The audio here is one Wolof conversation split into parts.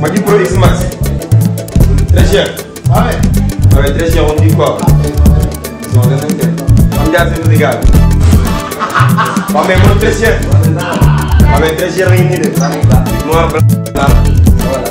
ma di Pro X Max. très cher. waaw waaye très cher on dit quoi. non dama cher. am jaar seen régal. waaw mais moom très cher. waaw mais très cher nii de. noir blanc. voilà.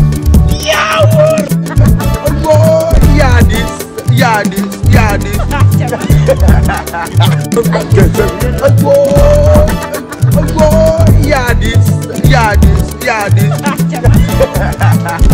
power. Oh, yeah, this, yeah, this, yeah, this. Oh, yeah,